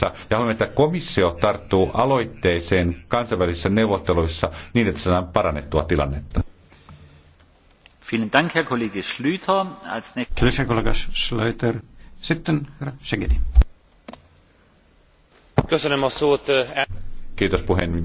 kanssa ja haluamme, että komissio tarttuu aloitteeseen kansainvälisissä neuvotteluissa niin, että saadaan parannettua tilannetta. Vielen Kiitoksia kollega Schlüter. Kiitoksia kollega Schlüter. Sitten herra Segedi. Eh, Kiitos puhemies.